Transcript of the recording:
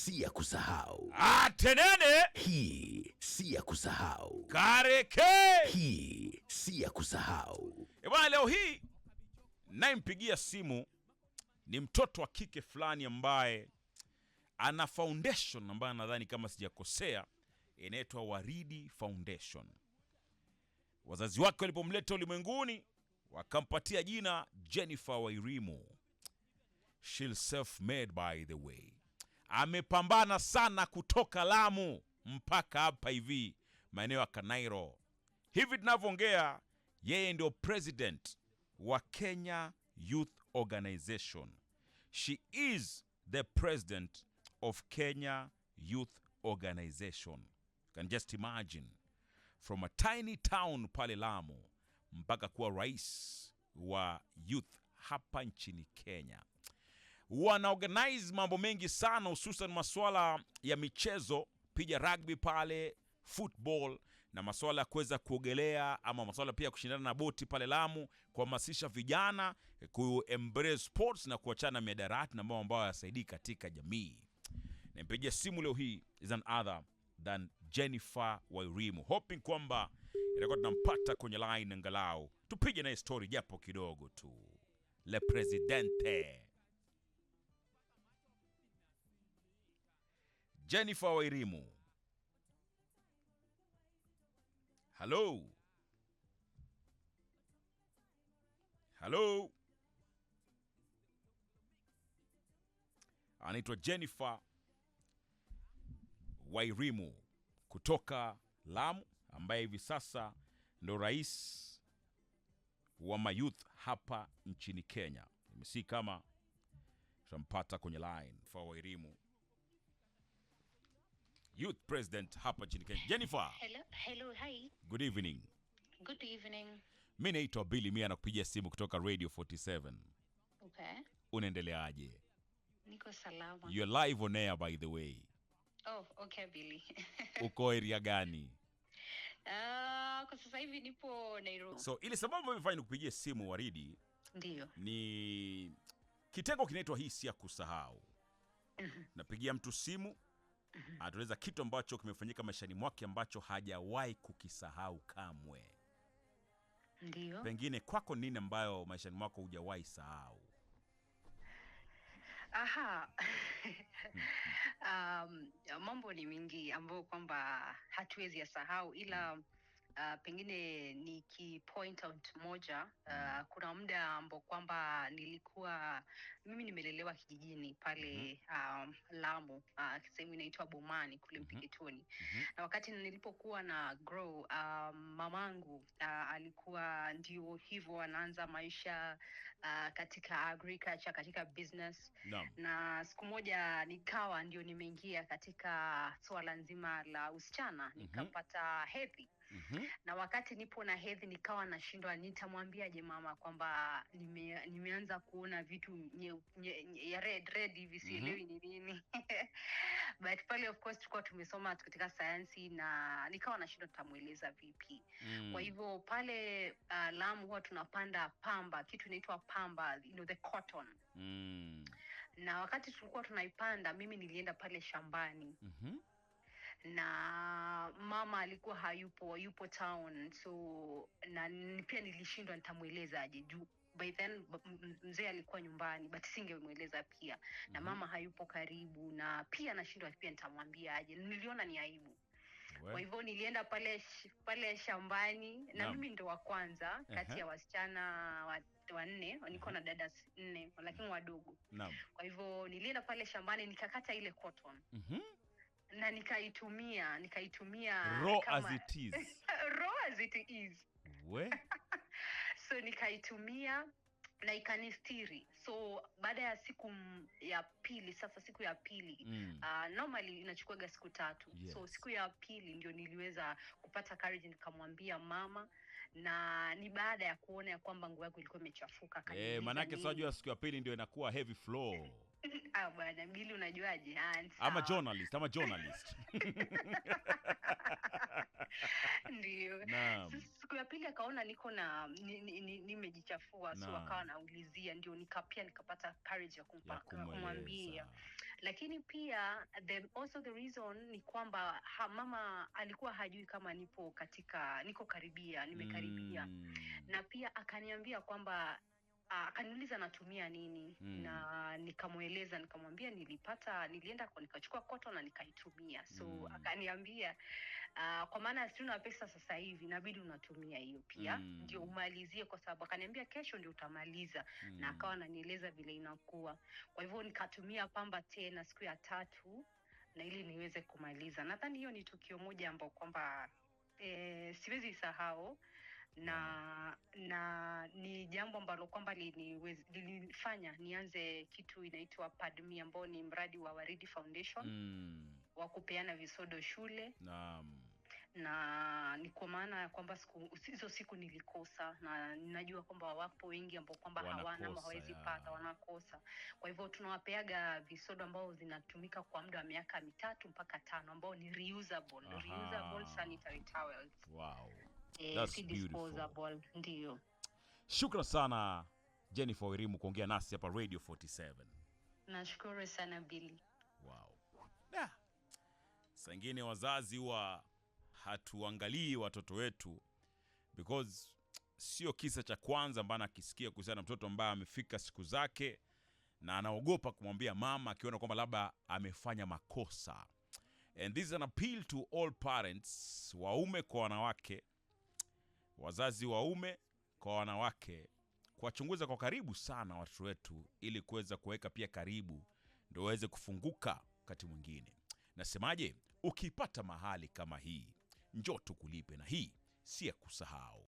si ya kusahau. Atenene, hii si ya kusahau. Kareke, hii si ya kusahau. Ebwana, leo hii nayempigia simu ni mtoto wa kike fulani ambaye ana foundation ambayo nadhani kama sijakosea inaitwa Waridi Foundation. Wazazi wake walipomleta ulimwenguni wakampatia jina Jennifer Wairimu. She's self made by the way amepambana sana kutoka Lamu mpaka hapa hivi maeneo ya Kanairo. Hivi tunavyoongea, yeye ndio president wa Kenya Youth Organization. She is the president of Kenya Youth Organization. You can just imagine from a tiny town pale Lamu mpaka kuwa rais wa youth hapa nchini Kenya wanaorganize mambo mengi sana, hususan masuala ya michezo, piga rugby pale, football na masuala ya kuweza kuogelea ama masuala pia ya kushindana na boti pale Lamu, kuhamasisha vijana eh, ku embrace sports na kuachana miadarati na mambo ambayo yasaidii katika jamii. Nimpigia simu leo hii is an other than Jennifer Wairimu, hoping kwamba itakuwa tunampata kwenye line, angalau tupige naye story japo kidogo tu. Le Presidente Jennifer Wairimu. Halo, halo, anaitwa Jennifer Wairimu kutoka Lamu, ambaye hivi sasa ndo rais wa mayouth hapa nchini Kenya. Si kama tutampata kwenye line. Wairimu youth president hapa chini Kenya. Jennifer. Hello, hello, hi. Good evening. Good evening. Mi naitwa Billy mi anakupigia simu kutoka Radio 47. Okay. Unaendeleaje? Niko salama. You're live on air by the way. Oh, okay Billy. Uko area gani? Uh, sasa hivi nipo Nairobi. So ile sababu imefanya nikupigie simu Waridi. Ndiyo. Ni kitengo kinaitwa hii hisia kusahau. Mm-hmm. Napigia mtu simu Mm-hmm. anatueleza kitu ambacho kimefanyika maishani mwake ambacho hajawahi kukisahau kamwe. ndio Pengine kwako nini ambayo maishani mwako hujawahi sahau? Aha. Mm-hmm. Um, mambo ni mingi ambayo kwamba hatuwezi sahau ila mm. Uh, pengine ni ki point out moja uh, kuna muda ambao kwamba nilikuwa mimi nimelelewa kijijini pale um, Lamu uh, sehemu inaitwa Bomani kule mm-hmm. Mpiketoni mm-hmm. na wakati nilipokuwa na grow uh, mamangu uh, alikuwa ndio hivyo anaanza maisha uh, katika agriculture katika business no. na siku moja nikawa ndio nimeingia katika swala nzima la usichana nikapata mm-hmm. hedhi -hmm. na wakati nipo na hedhi nikawa nashindwa nitamwambiaje mama kwamba nime, nimeanza kuona vitu nye, nye, nye, ya red red hivi sielewi mm -hmm. ni mm-hmm. nini but pale of course tulikuwa tumesoma katika sayansi na nikawa nashindwa tutamweleza vipi mm. kwa hivyo pale uh, lamu huwa tunapanda pamba kitu inaitwa pamba you know, the cotton mm. na wakati tulikuwa tunaipanda mimi nilienda pale shambani mm-hmm na mama alikuwa hayupo yupo town so na pia nilishindwa nitamweleza aje juu by then mzee alikuwa nyumbani but singemweleza pia mm-hmm. na mhm. mama hayupo karibu na pia nashindwa pia nitamwambia aje niliona ni aibu kwa hivyo nilienda pale pale shambani na, mimi ndo wa kwanza kati ya wasichana wa wanne niko na dada nne lakini wadogo kwa hivyo nilienda pale shambani nikakata ile cotton mm-hmm na nikaitumia nikaitumia kama... so nikaitumia na ikanistiri so baada ya siku ya pili sasa siku ya pili mm. uh, normally inachukuaga siku tatu yes. so siku ya pili ndio niliweza kupata courage nikamwambia mama na ni baada ya kuona ya kwamba nguo yako ilikuwa imechafuka hey, eh, sajua siku ya pili ndio inakuwa heavy flow bwana Bili unajuaje? Ah, ama journalist, ama journalist. Ndio. Siku ya pili akaona niko na nimejichafua ni, ni so akawa naulizia ndio nikapia nikapata courage ya kumwambia. Lakini pia the, also the reason ni kwamba ha, mama alikuwa hajui kama nipo katika niko karibia nimekaribia. Mm. Na pia akaniambia kwamba Ah, akaniuliza natumia nini mm. na nikamweleza nikamwambia nilipata nilienda kwa nikachukua koto na nikaitumia so mm. akaniambia uh, kwa maana sina pesa sasa hivi inabidi unatumia hiyo pia mm. ndio umalizie kwa sababu akaniambia kesho ndio utamaliza mm. na akawa ananieleza vile inakuwa kwa hivyo nikatumia pamba tena siku ya tatu na ili niweze kumaliza nadhani hiyo ni tukio moja ambao kwamba e, siwezi sahau na na ni jambo ambalo kwamba lilinifanya nianze kitu inaitwa PADMI ambao ni mradi wa Waridi Foundation mm. wa kupeana visodo shule naam na ni kwa maana ya kwamba siku hizo siku nilikosa, na ninajua kwamba wapo wengi ambao kwamba hawana ama hawawezi pata, wanakosa. Kwa hivyo tunawapeaga visodo ambao zinatumika kwa muda wa miaka mitatu mpaka tano, ambao ni reusable, reusable sanitary towels. Wow. Eh, That's si disposable. Ndio, shukran sana Jennifer Wirimu kuongea nasi hapa Radio 47. Nashukuru sana Billy. Wow. yeah. Sangine wazazi huwa hatuangalii watoto wetu because sio kisa cha kwanza ambaye akisikia kuhusiana na mtoto ambaye amefika siku zake na anaogopa kumwambia mama akiona kwamba labda amefanya makosa. And this is an appeal to all parents, waume kwa wanawake wazazi waume kwa wanawake kuwachunguza kwa karibu sana watoto wetu ili kuweza kuweka pia karibu ndo waweze kufunguka wakati mwingine nasemaje ukipata mahali kama hii njo tukulipe na hii si ya kusahau